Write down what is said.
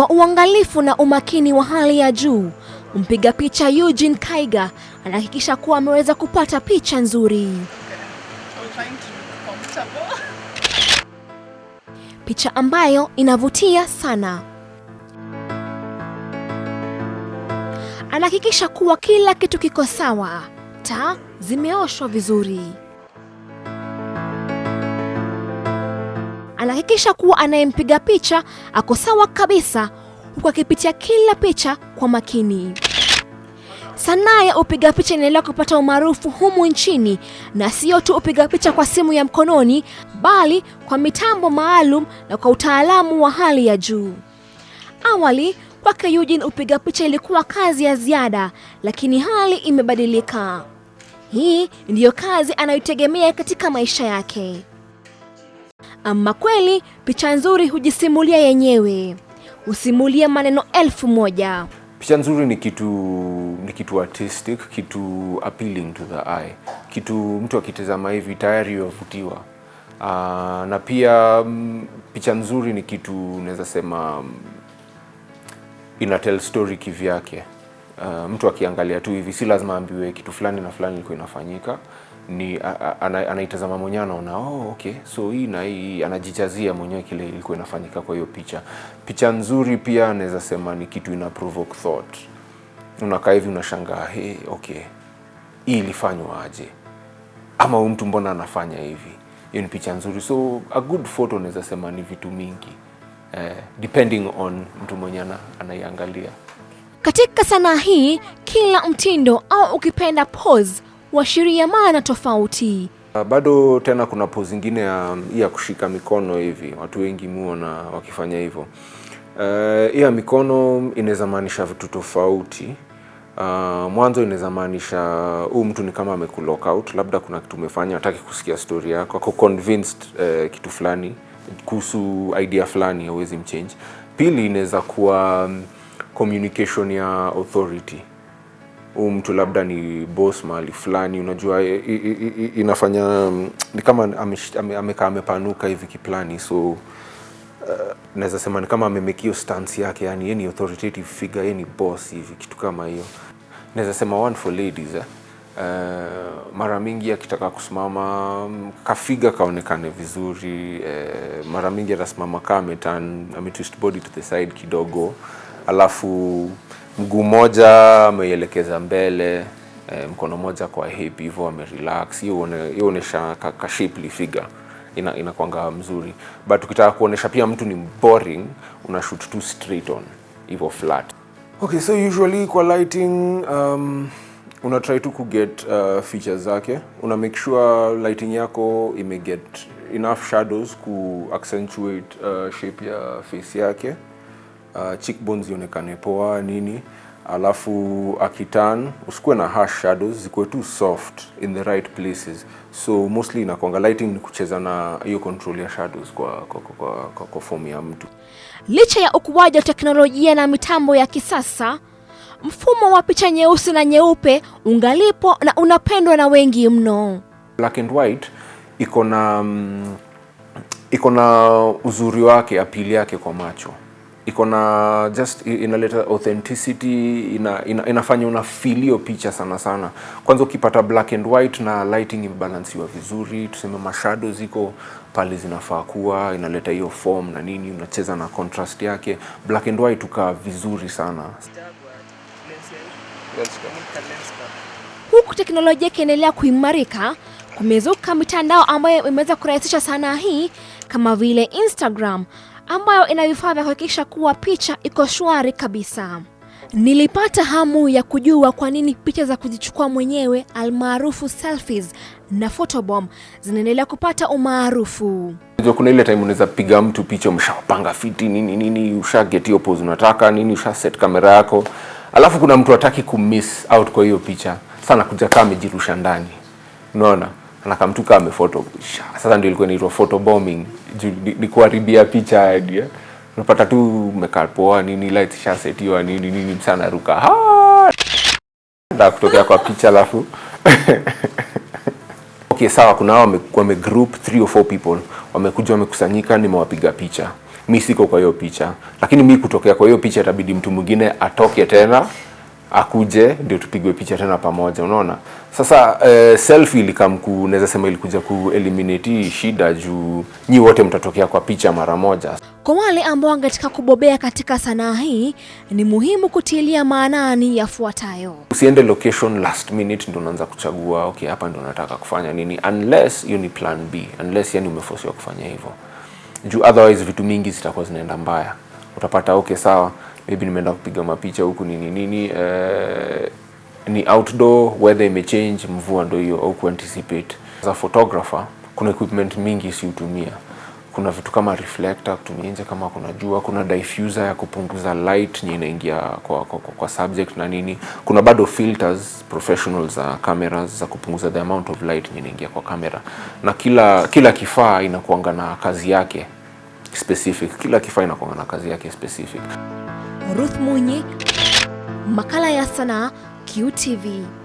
Kwa uangalifu na umakini wa hali ya juu, mpiga picha Eugene Kaiga anahakikisha kuwa ameweza kupata picha nzuri. Picha ambayo inavutia sana. Anahakikisha kuwa kila kitu kiko sawa, taa zimeoshwa vizuri. anahakikisha kuwa anayempiga picha ako sawa kabisa, huku akipitia kila picha kwa makini. Sanaa ya upiga picha inaendelea kupata umaarufu humu nchini, na sio tu upiga picha kwa simu ya mkononi, bali kwa mitambo maalum na kwa utaalamu wa hali ya juu. Awali kwake Eugene, upiga picha ilikuwa kazi ya ziada, lakini hali imebadilika. Hii ndiyo kazi anayotegemea katika maisha yake. Ama kweli picha nzuri hujisimulia yenyewe, usimulie maneno elfu moja. Picha nzuri ni kitu ni kitu artistic, kitu appealing to the eye, kitu mtu akitazama hivi tayari yavutiwa. Uh, ah, na pia m, mm, picha nzuri ni kitu naweza sema mm, ina tell story kivyake. Uh, mtu akiangalia tu hivi si lazima ambiwe kitu fulani na fulani ilikuwa inafanyika ni anaitazama mwenyewe anaona oh, okay so hii na hii, anajichazia mwenyewe kile ilikuwa inafanyika kwa hiyo picha. Picha nzuri pia anaweza sema ni kitu ina provoke thought. Unakaa hivi unashangaa, hey, okay hii ilifanywa aje? Ama huyu mtu mbona anafanya hivi? Hiyo ni picha nzuri. So a good photo anaweza sema ni vitu mingi eh, depending on mtu mwenyewe anaiangalia. Katika sanaa hii kila mtindo au ukipenda pose washiria maana tofauti. Ah, bado tena kuna po zingine ya, um, ya kushika mikono hivi, watu wengi muona wakifanya hivyo. Hiyo eh, uh, mikono inaweza maanisha vitu tofauti. Uh, mwanzo inaweza maanisha huyu mtu ni kama ameku out, labda kuna kitu umefanya, hataki kusikia story yako, ako convinced uh, kitu fulani kuhusu idea fulani, hauwezi mchange. Pili inaweza kuwa um, communication ya authority huu mtu labda ni boss mahali fulani, unajua i, i, i, inafanya mm, ni kama amekaa ame, amepanuka hivi kiplani, so uh, naweza sema ni kama amemekio stance yake, yani yeye ni authoritative figure, yeye ni boss hivi, kitu kama hiyo. Naweza sema one for ladies eh. Uh, mara mingi akitaka kusimama mm, kafiga kaonekane vizuri uh, mara mingi atasimama kaa ametan ametwist body to the side kidogo, alafu mguu moja ameielekeza mbele e, mkono moja kwa hip hivyo ame relax Hiyo inaonyesha ka, ka shapely figure ina inakwanga mzuri, but ukitaka kuonesha pia mtu ni boring, una shoot too straight on hivyo flat. Okay, so usually kwa lighting um, una try tu kuget uh, features zake, una make sure lighting yako imeget enough shadows ku accentuate uh, shape ya face yake uh, cheekbones ionekane poa nini, alafu akitan usikuwe na harsh shadows, zikuwe tu soft in the right places. So mostly inakwanga lighting ni kucheza na hiyo control ya shadows kwa, kwa, kwa, kwa, kwa, kwa form ya mtu. Licha ya ukuaji wa teknolojia na mitambo ya kisasa, mfumo wa picha nyeusi na nyeupe ungalipo na unapendwa na wengi mno. Black and white iko na um, iko na uzuri wake, apili yake kwa macho iko na just inaleta authenticity ina, ina, inafanya unafilio picha sana sana. Kwanza ukipata black and white na lighting imebalansiwa vizuri, tuseme mashado ziko pale zinafaa kuwa, inaleta hiyo form na nini, unacheza na contrast yake. Black and white ukaa vizuri sana huku teknolojia ikiendelea kuimarika, kumezuka mitandao ambayo imeweza kurahisisha sanaa hii kama vile Instagram ambayo ina vifaa vya kuhakikisha kuwa picha iko shwari kabisa. Nilipata hamu ya kujua kwa nini picha za kujichukua mwenyewe almaarufu selfies na photobomb zinaendelea kupata umaarufu. Kuna ile time unaweza piga mtu picha, umeshapanga fiti nini nini, ushaget hiyo pose unataka nini, set kamera yako, alafu kuna mtu hataki kumiss out kwa hiyo picha sana, kuja kama amejirusha ndani, unaona na kamtuka amefoto sasa, ndio ilikuwa inaitwa photo bombing, ni kuharibia picha hadi eh. unapata tu umekaa poa nini, light shaset shasetiwa nini nini, msana ruka ha ndio kutokea kwa picha alafu okay, sawa. Kuna wao wame group 3 or 4 people wamekuja wamekusanyika, nimewapiga picha, mimi siko kwa hiyo picha, lakini mimi kutokea kwa hiyo picha itabidi mtu mwingine atoke tena akuje ndio tupigwe picha tena pamoja, unaona. Sasa eh, selfie ilikamku naweza sema ilikuja ku eliminate shida juu nyi wote mtatokea kwa picha mara moja. Kwa wale ambao wangetaka kubobea katika sanaa hii ni muhimu kutilia maanani yafuatayo. Usiende location last minute ndio unaanza kuchagua okay, hapa ndio nataka kufanya nini, unless hiyo ni plan B, unless yani umefosiwa kufanya hivyo, juu otherwise vitu mingi zitakuwa zinaenda mbaya. Utapata okay, sawa maybe nimeenda kupiga mapicha huku nini nini, uh, ni outdoor weather imechange, mvua ndo hiyo au kuanticipate. As a photographer kuna equipment mingi siutumia, kuna vitu kama reflector kutumia nje kama kuna jua, kuna diffuser ya kupunguza light yenye inaingia kwa, kwa, kwa, kwa subject na nini, kuna bado filters professional za cameras za kupunguza the amount of light yenye inaingia kwa kamera, na kila kila kifaa inakuanga na kazi yake specific, kila kifaa inakuanga na kazi yake specific. Ruth Munyi, makala ya sanaa QTV.